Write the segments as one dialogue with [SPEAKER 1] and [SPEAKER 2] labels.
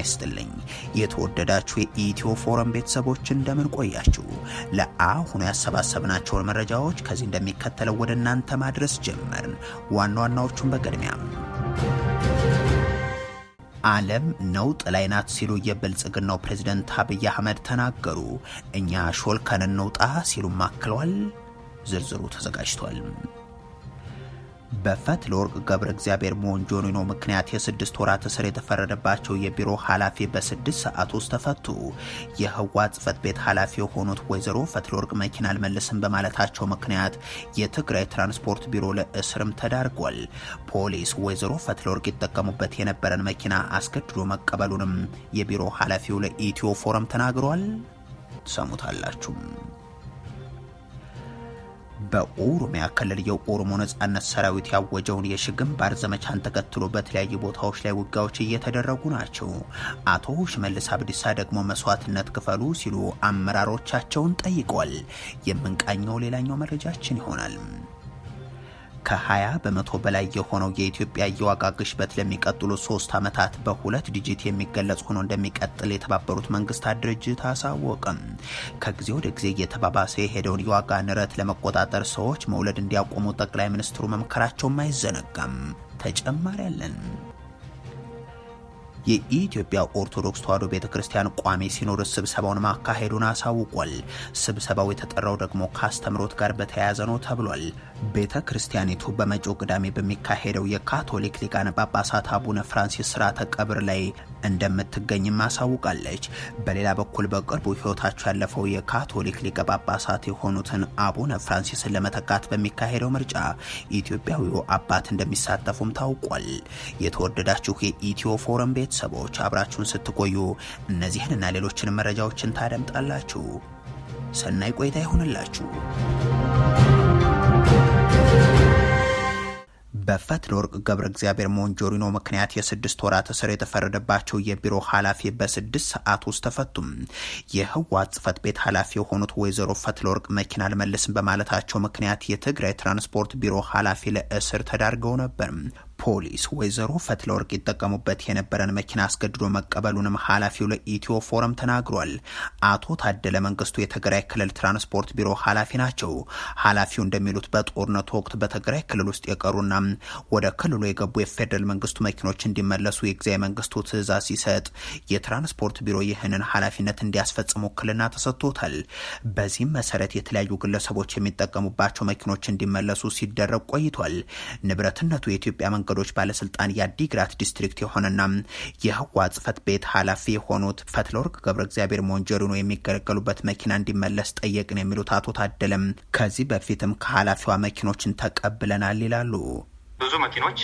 [SPEAKER 1] ይስጥልኝ የተወደዳችሁ የኢትዮ ፎረም ቤተሰቦች እንደምን ቆያችሁ? ለአሁኑ ያሰባሰብናቸውን መረጃዎች ከዚህ እንደሚከተለው ወደ እናንተ ማድረስ ጀመርን። ዋና ዋናዎቹን በቅድሚያ ዓለም ነውጥ ላይ ናት ሲሉ የብልጽግናው ፕሬዝደንት አብይ አህመድ ተናገሩ። እኛ ሾልከን እንውጣ ሲሉም አክለዋል። ዝርዝሩ ተዘጋጅቷል። በፈትለወርቅ ገብረ እግዚአብሔር መወንጀሉ ምክንያት የስድስት ወራት እስር የተፈረደባቸው የቢሮ ኃላፊ በስድስት ሰዓት ውስጥ ተፈቱ። የህዋ ጽህፈት ቤት ኃላፊ የሆኑት ወይዘሮ ፈትለወርቅ መኪና አልመልስም በማለታቸው ምክንያት የትግራይ ትራንስፖርት ቢሮ ለእስርም ተዳርጓል። ፖሊስ ወይዘሮ ፈትለወርቅ ይጠቀሙበት የነበረን መኪና አስገድዶ መቀበሉንም የቢሮ ኃላፊው ለኢትዮ ፎረም ተናግሯል። ሰሙታላችሁም። በኦሮሚያ ክልል የኦሮሞ ነጻነት ሰራዊት ያወጀውን የሽግግንባር ዘመቻን ተከትሎ በተለያዩ ቦታዎች ላይ ውጊያዎች እየተደረጉ ናቸው። አቶ ሽመልስ አብዲሳ ደግሞ መስዋዕትነት ክፈሉ ሲሉ አመራሮቻቸውን ጠይቀዋል። የምንቃኘው ሌላኛው መረጃችን ይሆናል። ከ20 በመቶ በላይ የሆነው የኢትዮጵያ የዋጋ ግሽበት ለሚቀጥሉ ሶስት ዓመታት በሁለት ዲጂት የሚገለጽ ሆኖ እንደሚቀጥል የተባበሩት መንግስታት ድርጅት አሳወቅም። ከጊዜ ወደ ጊዜ እየተባባሰ የሄደውን የዋጋ ንረት ለመቆጣጠር ሰዎች መውለድ እንዲያቆሙ ጠቅላይ ሚኒስትሩ መምከራቸውም አይዘነጋም። ተጨማሪ አለን። የኢትዮጵያ ኦርቶዶክስ ተዋሕዶ ቤተ ክርስቲያን ቋሚ ሲኖዶስ ስብሰባውን ማካሄዱን አሳውቋል። ስብሰባው የተጠራው ደግሞ ከአስተምሮት ጋር በተያያዘ ነው ተብሏል። ቤተ ክርስቲያኒቱ በመጪው ቅዳሜ በሚካሄደው የካቶሊክ ሊቃነ ጳጳሳት አቡነ ፍራንሲስ ስርዓተ ቀብር ላይ እንደምትገኝም አሳውቃለች። በሌላ በኩል በቅርቡ ሕይወታቸው ያለፈው የካቶሊክ ሊቀ ጳጳሳት የሆኑትን አቡነ ፍራንሲስን ለመተካት በሚካሄደው ምርጫ ኢትዮጵያዊው አባት እንደሚሳተፉም ታውቋል። የተወደዳችሁ የኢትዮ ፎረም ቤት ቤተሰቦች አብራችሁን ስትቆዩ እነዚህንና ሌሎችንም መረጃዎችን ታደምጣላችሁ። ሰናይ ቆይታ ይሆንላችሁ። በፈትለወርቅ ወርቅ ገብረ እግዚአብሔር ሞንጆሪኖ ምክንያት የስድስት ወራት እስር የተፈረደባቸው የቢሮ ኃላፊ በስድስት ሰዓት ውስጥ ተፈቱም። የህወሓት ጽህፈት ቤት ኃላፊ የሆኑት ወይዘሮ ፈትለወርቅ ወርቅ መኪና አልመልስም በማለታቸው ምክንያት የትግራይ ትራንስፖርት ቢሮ ኃላፊ ለእስር ተዳርገው ነበር። ፖሊስ ወይዘሮ ፈትለ ወርቅ ይጠቀሙበት የነበረን መኪና አስገድዶ መቀበሉንም ኃላፊው ለኢትዮ ፎረም ተናግሯል። አቶ ታደለ መንግስቱ የትግራይ ክልል ትራንስፖርት ቢሮ ኃላፊ ናቸው። ኃላፊው እንደሚሉት በጦርነቱ ወቅት በትግራይ ክልል ውስጥ የቀሩና ወደ ክልሉ የገቡ የፌዴራል መንግስቱ መኪኖች እንዲመለሱ የጊዜያዊ መንግስቱ ትዕዛዝ ሲሰጥ የትራንስፖርት ቢሮ ይህንን ኃላፊነት እንዲያስፈጽሙ ውክልና ተሰጥቶታል። በዚህም መሰረት የተለያዩ ግለሰቦች የሚጠቀሙባቸው መኪኖች እንዲመለሱ ሲደረግ ቆይቷል። ንብረትነቱ የኢትዮጵያ መንግስት መንገዶች ባለስልጣን የአዲግራት ዲስትሪክት የሆነና የህዋ ጽፈት ቤት ኃላፊ የሆኑት ፈትለወርቅ ገብረ እግዚአብሔር ሞንጀሪኖ የሚገለገሉበት መኪና እንዲመለስ ጠየቅን የሚሉት አቶ ታደለም ከዚህ በፊትም ከኃላፊዋ መኪኖችን ተቀብለናል ይላሉ።
[SPEAKER 2] ብዙ መኪኖች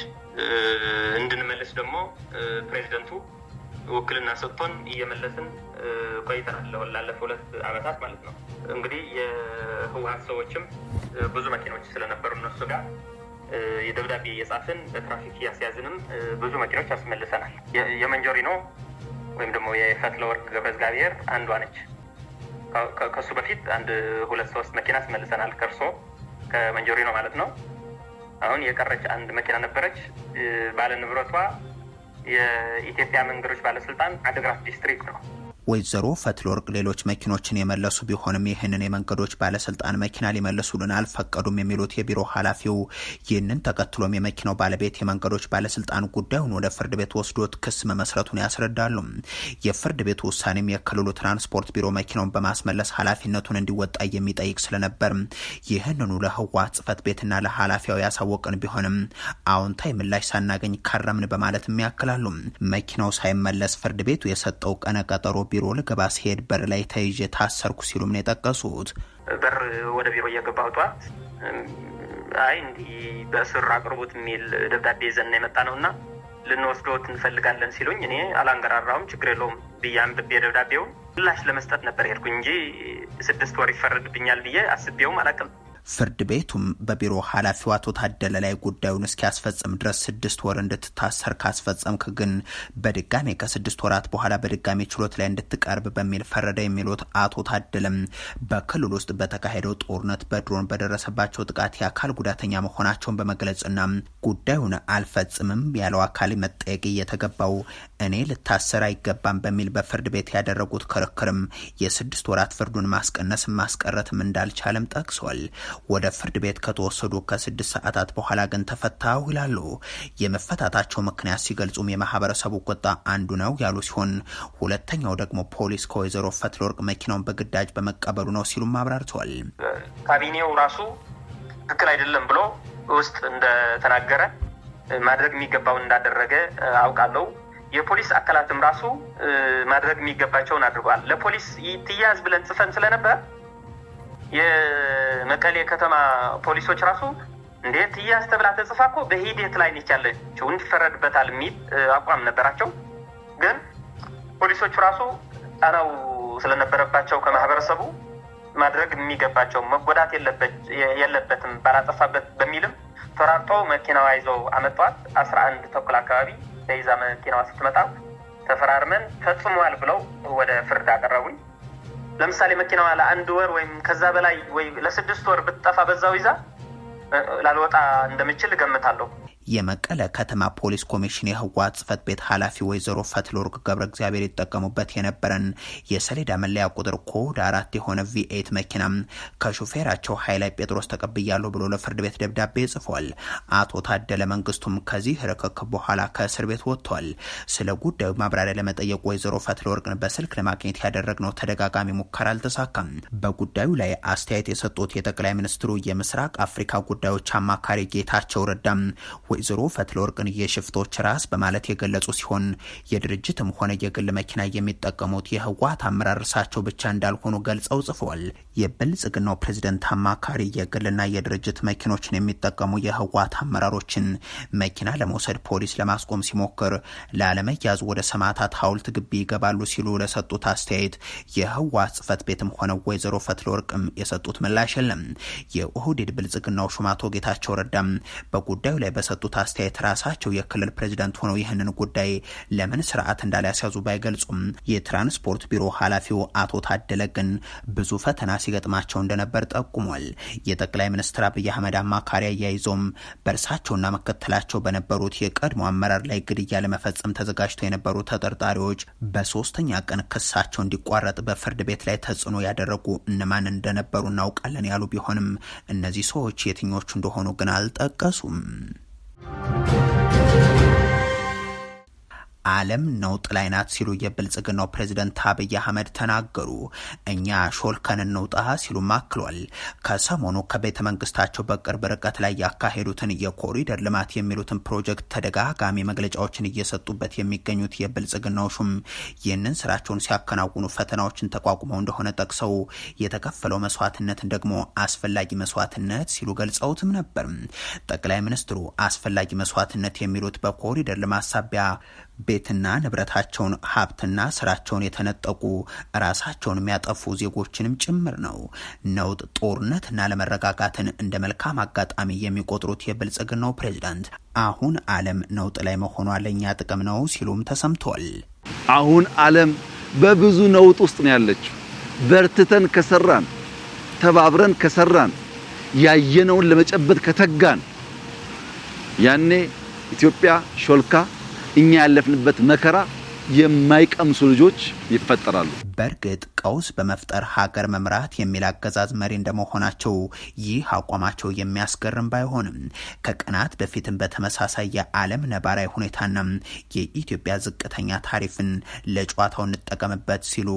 [SPEAKER 2] እንድንመልስ ደግሞ ፕሬዚደንቱ ውክልና ሰጥቶን እየመለስን ቆይተናል ላለፈ ሁለት ዓመታት ማለት ነው። እንግዲህ የህወሀት ሰዎችም ብዙ መኪኖች ስለነበሩ እነሱ ጋር የደብዳቤ እየጻፍን በትራፊክ እያስያዝንም ብዙ መኪኖች አስመልሰናል። የመንጆሪኖ ወይም ደግሞ የፈትለ ወርቅ ገብረ እግዚአብሔር አንዷ ነች። ከሱ በፊት አንድ ሁለት ሶስት መኪና አስመልሰናል። ከእርሶ ነው ማለት ነው። አሁን የቀረች አንድ መኪና ነበረች። ባለንብረቷ የኢትዮጵያ መንገዶች ባለስልጣን አድግራት ዲስትሪክት ነው።
[SPEAKER 1] ወይዘሮ ፈትለወርቅ ሌሎች መኪኖችን የመለሱ ቢሆንም ይህንን የመንገዶች ባለስልጣን መኪና ሊመልሱልን አልፈቀዱም የሚሉት የቢሮ ኃላፊው ይህንን ተከትሎም የመኪናው ባለቤት የመንገዶች ባለስልጣን ጉዳዩን ወደ ፍርድ ቤት ወስዶት ክስ መመስረቱን ያስረዳሉ። የፍርድ ቤቱ ውሳኔም የክልሉ ትራንስፖርት ቢሮ መኪናውን በማስመለስ ኃላፊነቱን እንዲወጣ የሚጠይቅ ስለነበር ይህንኑ ለህወሓት ጽህፈት ቤትና ለኃላፊያው ያሳወቅን ቢሆንም አዎንታዊ ምላሽ ሳናገኝ ከረምን በማለት ያክላሉ። መኪናው ሳይመለስ ፍርድ ቤቱ የሰጠው ቀነ ቀጠሮ ቢሮ ልገባ ሲሄድ በር ላይ ተይዤ ታሰርኩ ሲሉም ነው የጠቀሱት።
[SPEAKER 2] በር ወደ ቢሮ እየገባሁ ጠዋት አይ እንዲህ በእስር አቅርቦት የሚል ደብዳቤ ዘና የመጣ ነው እና ልንወስዶት እንፈልጋለን ሲሉኝ እኔ አላንገራራውም ችግር የለውም ብዬ አንብቤ ደብዳቤውን ምላሽ ለመስጠት ነበር ሄድኩ እንጂ ስድስት ወር ይፈረድብኛል ብዬ አስቤውም አላቅም።
[SPEAKER 1] ፍርድ ቤቱም በቢሮ ኃላፊው አቶ ታደለ ላይ ጉዳዩን እስኪያስፈጽም ድረስ ስድስት ወር እንድትታሰር ካስፈጸምክ ግን በድጋሜ ከስድስት ወራት በኋላ በድጋሜ ችሎት ላይ እንድትቀርብ በሚል ፈረደ የሚሉት አቶ ታደለም በክልል ውስጥ በተካሄደው ጦርነት በድሮን በደረሰባቸው ጥቃት የአካል ጉዳተኛ መሆናቸውን በመግለጽና ጉዳዩን አልፈጽምም ያለው አካል መጠየቅ እየተገባው እኔ ልታሰር አይገባም በሚል በፍርድ ቤት ያደረጉት ክርክርም የስድስት ወራት ፍርዱን ማስቀነስ ማስቀረትም እንዳልቻለም ጠቅሷል። ወደ ፍርድ ቤት ከተወሰዱ ከስድስት ሰዓታት በኋላ ግን ተፈታው ይላሉ። የመፈታታቸው ምክንያት ሲገልጹም የማህበረሰቡ ቁጣ አንዱ ነው ያሉ ሲሆን ሁለተኛው ደግሞ ፖሊስ ከወይዘሮ ፈትለወርቅ መኪናውን በግዳጅ በመቀበሉ ነው ሲሉም አብራርተዋል።
[SPEAKER 2] ካቢኔው ራሱ ትክክል አይደለም ብሎ ውስጥ እንደተናገረ ማድረግ የሚገባውን እንዳደረገ አውቃለሁ። የፖሊስ አካላትም ራሱ ማድረግ የሚገባቸውን አድርገዋል። ለፖሊስ ትያዝ ብለን ጽፈን ስለነበር መቀሌ ከተማ ፖሊሶች ራሱ እንዴት ትያዝ ተብላ ተጽፋ እኮ በሂደት ላይ ነች ያለችው እንዲፈረድበታል የሚል አቋም ነበራቸው። ግን ፖሊሶቹ ራሱ ጣናው ስለነበረባቸው ከማህበረሰቡ ማድረግ የሚገባቸው መጎዳት የለበትም ባላጠፋበት በሚልም ተራርጦ መኪናዋ ይዘው አመጧት። አስራ አንድ ተኩል አካባቢ በይዛ መኪናዋ ስትመጣ ተፈራርመን ፈጽሟል ብለው ወደ ፍርድ አቀረቡኝ። ለምሳሌ መኪናዋ ለአንድ ወር ወይም ከዛ በላይ ወይ ለስድስት ወር ብትጠፋ በዛው ይዛ ላልወጣ እንደምችል እገምታለሁ።
[SPEAKER 1] የመቀለ ከተማ ፖሊስ ኮሚሽን የህወሓት ጽህፈት ቤት ኃላፊ ወይዘሮ ፈትለወርቅ ገብረ እግዚአብሔር ይጠቀሙበት የነበረን የሰሌዳ መለያ ቁጥር ኮድ አራት የሆነ ቪኤት መኪና ከሹፌራቸው ኃይላይ ጴጥሮስ ተቀብያለሁ ብሎ ለፍርድ ቤት ደብዳቤ ጽፏል። አቶ ታደለ መንግስቱም ከዚህ ርክክብ በኋላ ከእስር ቤት ወጥቷል። ስለ ጉዳዩ ማብራሪያ ለመጠየቅ ወይዘሮ ፈትለወርቅን በስልክ ለማግኘት ያደረግነው ተደጋጋሚ ሙከራ አልተሳካም። በጉዳዩ ላይ አስተያየት የሰጡት የጠቅላይ ሚኒስትሩ የምስራቅ አፍሪካ ጉዳዮች አማካሪ ጌታቸው ረዳም ወይዘሮ ፈትለወርቅን የሽፍቶች ራስ በማለት የገለጹ ሲሆን የድርጅትም ሆነ የግል መኪና የሚጠቀሙት የህወሓት አመራር እርሳቸው ብቻ እንዳልሆኑ ገልጸው ጽፏል። የብልጽግናው ፕሬዝደንት አማካሪ የግልና የድርጅት መኪኖችን የሚጠቀሙ የህወሓት አመራሮችን መኪና ለመውሰድ ፖሊስ ለማስቆም ሲሞክር ላለመያዝ ወደ ሰማዕታት ሐውልት ግቢ ይገባሉ ሲሉ ለሰጡት አስተያየት የህወሓት ጽህፈት ቤትም ሆነ ወይዘሮ ፈትለወርቅም የሰጡት ምላሽ የለም። የኦህዴድ ብልጽግናው ሹማቶ ጌታቸው ረዳም በጉዳዩ ላይ በሰጡት በሰጡት አስተያየት ራሳቸው የክልል ፕሬዚዳንት ሆነው ይህንን ጉዳይ ለምን ስርዓት እንዳልያስያዙ ባይገልጹም የትራንስፖርት ቢሮ ኃላፊው አቶ ታደለ ግን ብዙ ፈተና ሲገጥማቸው እንደነበር ጠቁሟል። የጠቅላይ ሚኒስትር አብይ አህመድ አማካሪ አያይዞም በእርሳቸውና መከተላቸው በነበሩት የቀድሞ አመራር ላይ ግድያ ለመፈጸም ተዘጋጅተው የነበሩ ተጠርጣሪዎች በሶስተኛ ቀን ክሳቸው እንዲቋረጥ በፍርድ ቤት ላይ ተጽዕኖ ያደረጉ እነማን እንደነበሩ እናውቃለን ያሉ ቢሆንም እነዚህ ሰዎች የትኞቹ እንደሆኑ ግን አልጠቀሱም። Thank you. ዓለም ነውጥ ላይ ናት ሲሉ የብልጽግናው ፕሬዝደንት አብይ አህመድ ተናገሩ። እኛ ሾልከን እንውጣ ሲሉም አክሏል። ከሰሞኑ ከቤተ መንግስታቸው በቅርብ ርቀት ላይ ያካሄዱትን የኮሪደር ልማት የሚሉትን ፕሮጀክት ተደጋጋሚ መግለጫዎችን እየሰጡበት የሚገኙት የብልጽግናው ሹም ይህንን ስራቸውን ሲያከናውኑ ፈተናዎችን ተቋቁመው እንደሆነ ጠቅሰው የተከፈለው መስዋዕትነትን ደግሞ አስፈላጊ መስዋዕትነት ሲሉ ገልጸውትም ነበር። ጠቅላይ ሚኒስትሩ አስፈላጊ መስዋዕትነት የሚሉት በኮሪደር ልማት ሳቢያ ቤትና ንብረታቸውን ሀብትና ስራቸውን የተነጠቁ ራሳቸውን የሚያጠፉ ዜጎችንም ጭምር ነው። ነውጥ ጦርነትና ለመረጋጋትን እንደ መልካም አጋጣሚ የሚቆጥሩት የብልጽግናው ፕሬዚዳንት አሁን ዓለም ነውጥ ላይ መሆኗ ለእኛ ጥቅም ነው ሲሉም ተሰምቷል።
[SPEAKER 3] አሁን ዓለም በብዙ ነውጥ ውስጥ ነው ያለችው። በርትተን ከሰራን፣ ተባብረን ከሰራን፣ ያየነውን ለመጨበጥ ከተጋን ያኔ ኢትዮጵያ ሾልካ እኛ ያለፍንበት መከራ የማይቀምሱ ልጆች ይፈጠራሉ።
[SPEAKER 1] በእርግጥ ቀውስ በመፍጠር ሀገር መምራት የሚል አገዛዝ መሪ እንደመሆናቸው ይህ አቋማቸው የሚያስገርም ባይሆንም ከቀናት በፊትም በተመሳሳይ የዓለም ነባራዊ ሁኔታና የኢትዮጵያ ዝቅተኛ ታሪፍን ለጨዋታው እንጠቀምበት ሲሉ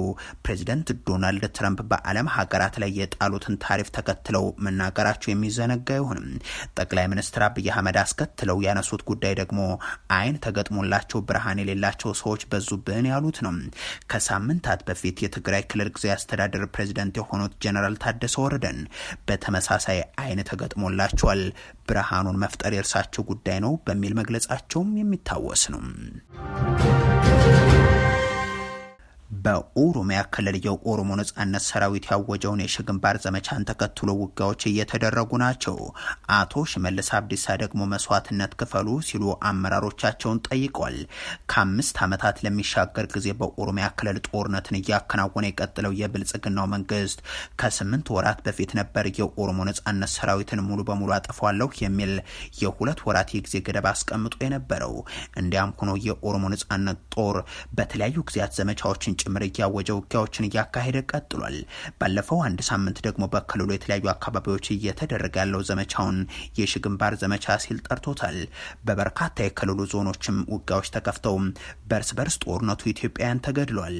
[SPEAKER 1] ፕሬዚደንት ዶናልድ ትራምፕ በዓለም ሀገራት ላይ የጣሉትን ታሪፍ ተከትለው መናገራቸው የሚዘነጋ አይሆንም። ጠቅላይ ሚኒስትር አብይ አህመድ አስከትለው ያነሱት ጉዳይ ደግሞ አይን ተገጥሞላቸው ብርሃን የሌላቸው ሰዎች በዙብን ያሉት ነው። ከሳምንታት በፊት የትግራይ ክልል ክልል ጊዜ አስተዳደር ፕሬዚደንት የሆኑት ጀነራል ታደሰ ወረደን በተመሳሳይ አይን ተገጥሞላቸዋል። ብርሃኑን መፍጠር የእርሳቸው ጉዳይ ነው በሚል መግለጻቸውም የሚታወስ ነው። በኦሮሚያ ክልል የኦሮሞ ነጻነት ሰራዊት ያወጀውን የሽግንባር ግንባር ዘመቻን ተከትሎ ውጊያዎች እየተደረጉ ናቸው። አቶ ሽመልስ አብዲሳ ደግሞ መስዋዕትነት ክፈሉ ሲሉ አመራሮቻቸውን ጠይቋል። ከአምስት ዓመታት ለሚሻገር ጊዜ በኦሮሚያ ክልል ጦርነትን እያከናወነ የቀጥለው የብልጽግናው መንግስት ከስምንት ወራት በፊት ነበር የኦሮሞ ነጻነት ሰራዊትን ሙሉ በሙሉ አጠፏለሁ የሚል የሁለት ወራት የጊዜ ገደብ አስቀምጦ የነበረው። እንዲያም ሆኖ የኦሮሞ ነጻነት ጦር በተለያዩ ጊዜያት ዘመቻዎችን ጭምር እያወጀ ውጊያዎችን እያካሄደ ቀጥሏል። ባለፈው አንድ ሳምንት ደግሞ በክልሉ የተለያዩ አካባቢዎች እየተደረገ ያለው ዘመቻውን የሽግንባር ዘመቻ ሲል ጠርቶታል። በበርካታ የክልሉ ዞኖችም ውጊያዎች ተከፍተው በርስ በርስ ጦርነቱ ኢትዮጵያውያን ተገድሏል።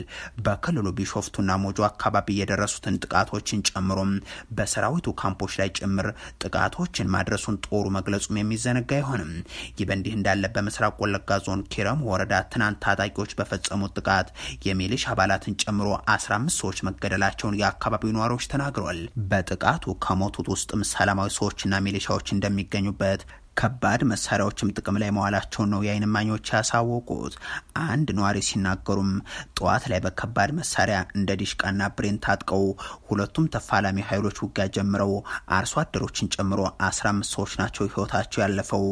[SPEAKER 1] በክልሉ ቢሾፍቱና ሞጆ አካባቢ የደረሱትን ጥቃቶችን ጨምሮም በሰራዊቱ ካምፖች ላይ ጭምር ጥቃቶችን ማድረሱን ጦሩ መግለጹም የሚዘነጋ አይሆንም። ይህ በእንዲህ እንዳለ በምስራቅ ወለጋ ዞን ኪረም ወረዳ ትናንት ታጣቂዎች በፈጸሙት ጥቃት የሚሊሻ አባላትን ጨምሮ 15 ሰዎች መገደላቸውን የአካባቢው ነዋሪዎች ተናግረዋል። በጥቃቱ ከሞቱት ውስጥም ሰላማዊ ሰዎችና ሚሊሻዎች እንደሚገኙበት ከባድ መሳሪያዎችም ጥቅም ላይ መዋላቸውን ነው የአይን ማኞች ያሳወቁት። አንድ ነዋሪ ሲናገሩም ጠዋት ላይ በከባድ መሳሪያ እንደ ዲሽቃና ብሬን ታጥቀው ሁለቱም ተፋላሚ ኃይሎች ውጊያ ጀምረው አርሶ አደሮችን ጨምሮ 15 ሰዎች ናቸው ህይወታቸው ያለፈው።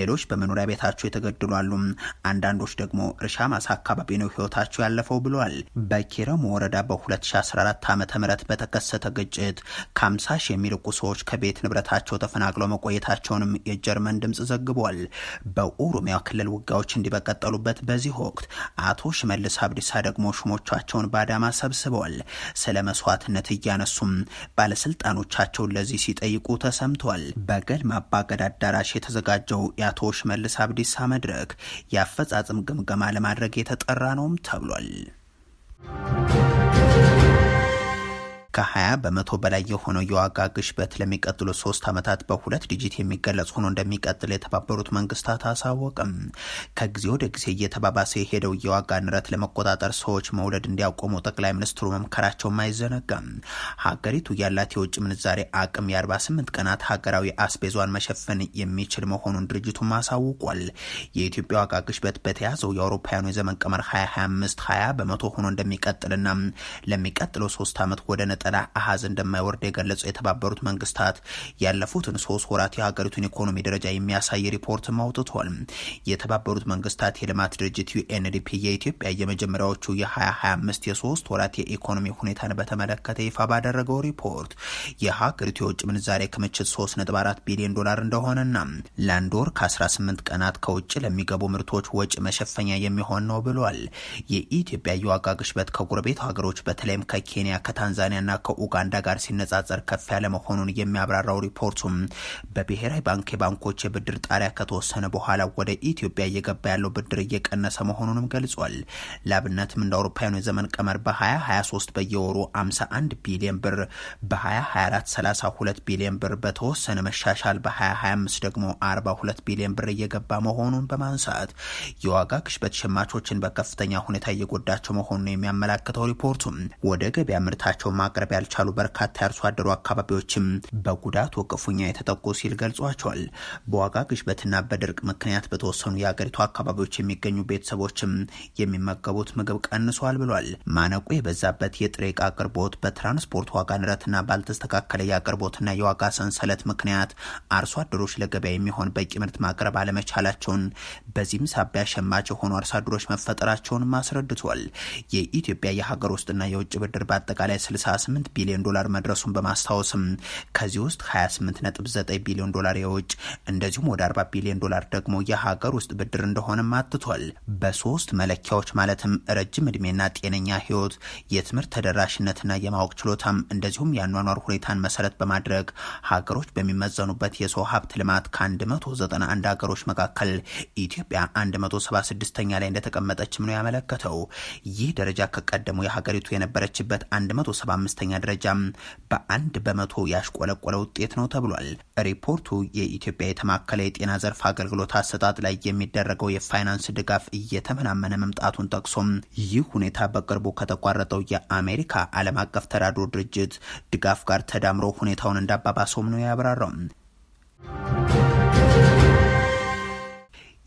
[SPEAKER 1] ሌሎች በመኖሪያ ቤታቸው የተገደሉ አሉ። አንዳንዶች ደግሞ እርሻ ማሳ አካባቢ ነው ህይወታቸው ያለፈው ብሏል። በኪረሙ ወረዳ በ2014 ዓ ም በተከሰተ ግጭት ከ50 ሺህ የሚልቁ ሰዎች ከቤት ንብረታቸው ተፈናቅለው መቆየታቸውንም የጀርመን የአሜሪካን ድምፅ ዘግቧል። በኦሮሚያ ክልል ውጊያዎች እንዲበቀጠሉበት በዚህ ወቅት አቶ ሽመልስ አብዲሳ ደግሞ ሹሞቻቸውን በአዳማ ሰብስበዋል። ስለ መስዋዕትነት እያነሱም ባለስልጣኖቻቸውን ለዚህ ሲጠይቁ ተሰምቷል። በገል ማባገድ አዳራሽ የተዘጋጀው የአቶ ሽመልስ አብዲሳ መድረክ የአፈጻጽም ግምገማ ለማድረግ የተጠራ ነውም ተብሏል። ከ20 በመቶ በላይ የሆነው የዋጋ ግሽበት ለሚቀጥሉ ሶስት ዓመታት በሁለት ዲጂት የሚገለጽ ሆኖ እንደሚቀጥል የተባበሩት መንግስታት አሳወቅም። ከጊዜ ወደ ጊዜ እየተባባሰ የሄደው የዋጋ ንረት ለመቆጣጠር ሰዎች መውለድ እንዲያቆሙ ጠቅላይ ሚኒስትሩ መምከራቸውም አይዘነጋም። ሀገሪቱ ያላት የውጭ ምንዛሬ አቅም የ48 ቀናት ሀገራዊ አስቤዟን መሸፈን የሚችል መሆኑን ድርጅቱም አሳውቋል። የኢትዮጵያ ዋጋ ግሽበት በተያዘው የአውሮፓውያኑ የዘመን ቀመር 2025 20 በመቶ ሆኖ እንደሚቀጥልና ለሚቀጥለው ሶስት ዓመት ወደ ነጠ ዘጠና አሀዝ እንደማይወርድ የገለጹ የተባበሩት መንግስታት ያለፉትን ሶስት ወራት የሀገሪቱን ኢኮኖሚ ደረጃ የሚያሳይ ሪፖርት አውጥቷል። የተባበሩት መንግስታት የልማት ድርጅት ዩኤንዲፒ የኢትዮጵያ የመጀመሪያዎቹ የ2025 የሶስት ወራት የኢኮኖሚ ሁኔታን በተመለከተ ይፋ ባደረገው ሪፖርት የሀገሪቱ የውጭ ምንዛሬ ክምችት 3.4 ቢሊዮን ዶላር እንደሆነና ለአንድ ወር ከ18 ቀናት ከውጭ ለሚገቡ ምርቶች ወጪ መሸፈኛ የሚሆን ነው ብሏል። የኢትዮጵያ የዋጋ ግሽበት ከጎረቤት ሀገሮች በተለይም ከኬንያ ከታንዛኒያ ከኬንያና ከኡጋንዳ ጋር ሲነጻጸር ከፍ ያለ መሆኑን የሚያብራራው ሪፖርቱም በብሔራዊ ባንክ የባንኮች የብድር ጣሪያ ከተወሰነ በኋላ ወደ ኢትዮጵያ እየገባ ያለው ብድር እየቀነሰ መሆኑንም ገልጿል። ላብነትም እንደ አውሮፓውያኑ የዘመን ቀመር በ2023 በየወሩ 51 ቢሊዮን ብር፣ በ2024 32 ቢሊዮን ብር፣ በተወሰነ መሻሻል በ2025 ደግሞ 42 ቢሊዮን ብር እየገባ መሆኑን በማንሳት የዋጋ ግሽበት ሸማቾችን በከፍተኛ ሁኔታ እየጎዳቸው መሆኑን የሚያመላክተው ሪፖርቱ ወደ ገበያ ምርታቸው ማቅረብ ያልቻሉ በርካታ የአርሶ አደሩ አካባቢዎችም በጉዳቱ ወቅፉኛ የተጠቁ ሲል ገልጿቸዋል። በዋጋ ግሽበትና በድርቅ ምክንያት በተወሰኑ የአገሪቱ አካባቢዎች የሚገኙ ቤተሰቦችም የሚመገቡት ምግብ ቀንሷል ብሏል። ማነቁ የበዛበት የጥሬ ቃ አቅርቦት በትራንስፖርት ዋጋ ንረትና ባልተስተካከለ የአቅርቦትና የዋጋ ሰንሰለት ምክንያት አርሶ አደሮች ለገበያ የሚሆን በቂ ምርት ማቅረብ አለመቻላቸውን በዚህም ሳቢያ ሸማች የሆኑ አርሶ አደሮች መፈጠራቸውንም አስረድቷል። የኢትዮጵያ የሀገር ውስጥና የውጭ ብድር በአጠቃላይ 60 28 ቢሊዮን ዶላር መድረሱን በማስታወስም ከዚህ ውስጥ 28.9 ቢሊዮን ዶላር የውጭ እንደዚሁም ወደ 40 ቢሊዮን ዶላር ደግሞ የሀገር ውስጥ ብድር እንደሆነም አትቷል። በሶስት መለኪያዎች ማለትም ረጅም እድሜና ጤነኛ ህይወት፣ የትምህርት ተደራሽነትና የማወቅ ችሎታም እንደዚሁም የአኗኗር ሁኔታን መሰረት በማድረግ ሀገሮች በሚመዘኑበት የሰው ሀብት ልማት ከ191 ሀገሮች መካከል ኢትዮጵያ 176ኛ ላይ እንደተቀመጠችም ነው ያመለከተው። ይህ ደረጃ ከቀደሙ የሀገሪቱ የነበረችበት 175 አምስተኛ ደረጃ በአንድ በመቶ ያሽቆለቆለ ውጤት ነው ተብሏል። ሪፖርቱ የኢትዮጵያ የተማከለ የጤና ዘርፍ አገልግሎት አሰጣጥ ላይ የሚደረገው የፋይናንስ ድጋፍ እየተመናመነ መምጣቱን ጠቅሶም ይህ ሁኔታ በቅርቡ ከተቋረጠው የአሜሪካ ዓለም አቀፍ ተራድኦ ድርጅት ድጋፍ ጋር ተዳምሮ ሁኔታውን እንዳባባሰውም ነው ያብራራው።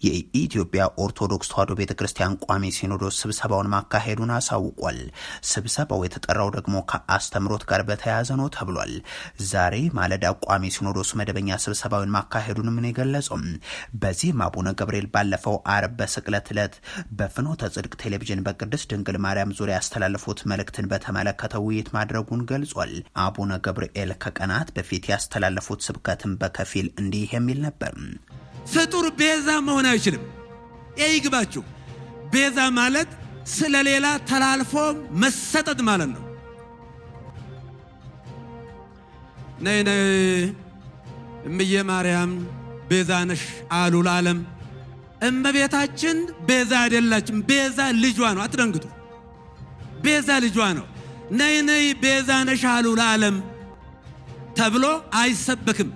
[SPEAKER 1] የኢትዮጵያ ኦርቶዶክስ ተዋሕዶ ቤተ ክርስቲያን ቋሚ ሲኖዶስ ስብሰባውን ማካሄዱን አሳውቋል። ስብሰባው የተጠራው ደግሞ ከአስተምሮት ጋር በተያያዘ ነው ተብሏል። ዛሬ ማለዳ ቋሚ ሲኖዶስ መደበኛ ስብሰባውን ማካሄዱንም ነው የገለጹም። በዚህም አቡነ ገብርኤል ባለፈው አርብ በስቅለት ዕለት በፍኖተ ጽድቅ ቴሌቪዥን በቅድስት ድንግል ማርያም ዙሪያ ያስተላለፉት መልእክትን በተመለከተ ውይይት ማድረጉን ገልጿል። አቡነ ገብርኤል ከቀናት በፊት ያስተላለፉት ስብከትን በከፊል እንዲህ የሚል ነበር።
[SPEAKER 4] ፍጡር ቤዛ መሆን አይችልም። ይግባችሁ። ቤዛ ማለት ስለሌላ ተላልፎ መሰጠት ማለት ነው። ነይ ነይ እምዬ ማርያም ቤዛ ነሽ አሉ ለዓለም። እመቤታችን ቤዛ አይደላችም። ቤዛ ልጇ ነው። አትደንግጡ። ቤዛ ልጇ ነው። ነይ ነይ ቤዛ ነሽ አሉ ለዓለም ተብሎ አይሰበክም።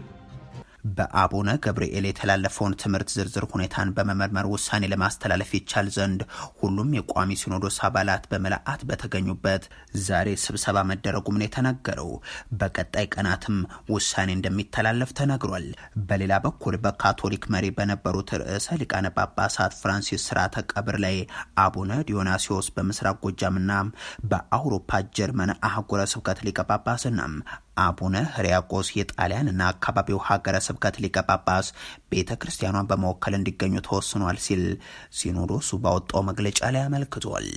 [SPEAKER 1] በአቡነ ገብርኤል የተላለፈውን ትምህርት ዝርዝር ሁኔታን በመመርመር ውሳኔ ለማስተላለፍ ይቻል ዘንድ ሁሉም የቋሚ ሲኖዶስ አባላት በመላአት በተገኙበት ዛሬ ስብሰባ መደረጉም ነው የተነገረው። በቀጣይ ቀናትም ውሳኔ እንደሚተላለፍ ተነግሯል። በሌላ በኩል በካቶሊክ መሪ በነበሩት ርዕሰ ሊቃነ ጳጳሳት ፍራንሲስ ስርዓተ ቀብር ላይ አቡነ ዲዮናሲዎስ በምስራቅ ጎጃምና በአውሮፓ ጀርመን አህጉረ ስብከት ሊቀ ጳጳስና አቡነ ህርያቆስ የጣሊያንና አካባቢው ሀገረ ስብከት ሊቀ ጳጳስ ቤተ ክርስቲያኗን በመወከል እንዲገኙ ተወስኗል ሲል ሲኖዶሱ ባወጣው መግለጫ ላይ አመልክቷል።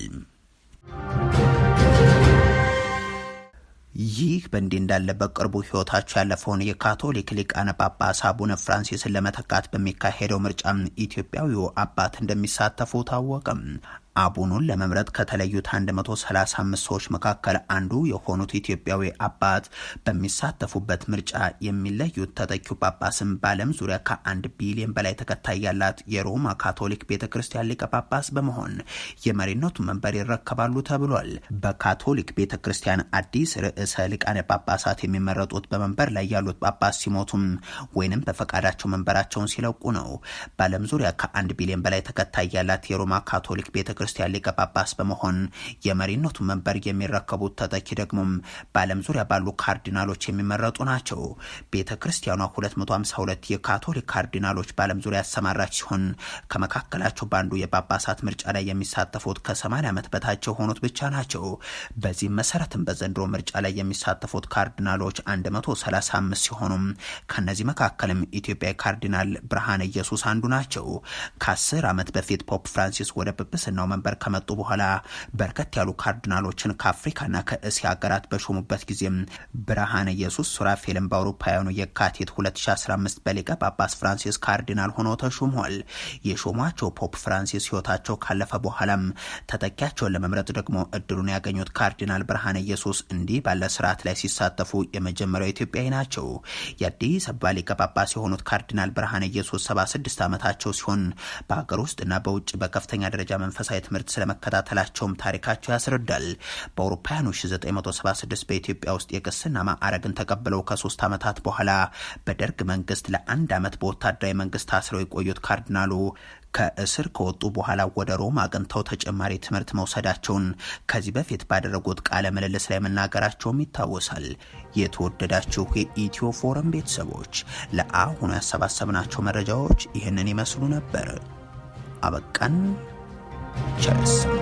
[SPEAKER 1] ይህ በእንዲህ እንዳለ በቅርቡ ህይወታቸው ያለፈውን የካቶሊክ ሊቃነ ጳጳስ አቡነ ፍራንሲስን ለመተካት በሚካሄደው ምርጫ ኢትዮጵያዊው አባት እንደሚሳተፉ ታወቀም። አቡኑን ለመምረጥ ከተለዩት 135 ሰዎች መካከል አንዱ የሆኑት ኢትዮጵያዊ አባት በሚሳተፉበት ምርጫ የሚለዩት ተተኪው ጳጳስም በዓለም ዙሪያ ከአንድ ቢሊዮን በላይ ተከታይ ያላት የሮማ ካቶሊክ ቤተ ክርስቲያን ሊቀ ጳጳስ በመሆን የመሪነቱ መንበር ይረከባሉ ተብሏል። በካቶሊክ ቤተ ክርስቲያን አዲስ ርዕሰ ሊቃነ ጳጳሳት የሚመረጡት በመንበር ላይ ያሉት ጳጳስ ሲሞቱም ወይንም በፈቃዳቸው መንበራቸውን ሲለቁ ነው። በዓለም ዙሪያ ከአንድ ቢሊዮን በላይ ተከታይ ያላት የሮማ ካቶሊክ ቤተ ቤተክርስቲያን ሊቀ ጳጳስ በመሆን የመሪነቱን መንበር የሚረከቡት ተተኪ ደግሞ በዓለም ዙሪያ ባሉ ካርዲናሎች የሚመረጡ ናቸው። ቤተክርስቲያኗ 252 የካቶሊክ ካርዲናሎች በዓለም ዙሪያ ያሰማራች ሲሆን ከመካከላቸው በአንዱ የጳጳሳት ምርጫ ላይ የሚሳተፉት ከ80 ዓመት በታች የሆኑት ብቻ ናቸው። በዚህም መሰረትም በዘንድሮ ምርጫ ላይ የሚሳተፉት ካርዲናሎች 135 ሲሆኑም ከነዚህ መካከልም ኢትዮጵያ ካርዲናል ብርሃነ ኢየሱስ አንዱ ናቸው። ከ10 ዓመት በፊት ፖፕ ፍራንሲስ ወደ ጵጵስናው መንበር ከመጡ በኋላ በርከት ያሉ ካርዲናሎችን ከአፍሪካና ከእስያ ሀገራት በሾሙበት ጊዜም ብርሃነ ኢየሱስ ሱራፌልን በአውሮፓውያኑ የካቲት 2015 በሊቀ ጳጳስ ፍራንሲስ ካርዲናል ሆኖ ተሹሟል። የሾሟቸው ፖፕ ፍራንሲስ ህይወታቸው ካለፈ በኋላም ተተኪያቸውን ለመምረጥ ደግሞ እድሉን ያገኙት ካርዲናል ብርሃነ ኢየሱስ እንዲህ ባለ ስርዓት ላይ ሲሳተፉ የመጀመሪያው ኢትዮጵያዊ ናቸው። የአዲስ አበባ ሊቀ ጳጳስ የሆኑት ካርዲናል ብርሃነ ኢየሱስ 76 ዓመታቸው ሲሆን በሀገር ውስጥና በውጭ በከፍተኛ ደረጃ መንፈሳዊ ትምህርት ስለመከታተላቸውም ታሪካቸው ያስረዳል። በአውሮፓውያኑ 1976 በኢትዮጵያ ውስጥ የቅስና ማዕረግን ተቀብለው ከሶስት ዓመታት በኋላ በደርግ መንግስት ለአንድ ዓመት በወታደራዊ መንግስት ታስረው የቆዩት ካርዲናሉ ከእስር ከወጡ በኋላ ወደ ሮም አቅንተው ተጨማሪ ትምህርት መውሰዳቸውን ከዚህ በፊት ባደረጉት ቃለ ምልልስ ላይ መናገራቸውም ይታወሳል። የተወደዳችሁ የኢትዮ ፎረም ቤተሰቦች ለአሁኑ ያሰባሰብናቸው መረጃዎች ይህንን ይመስሉ ነበር። አበቃን። Chessman.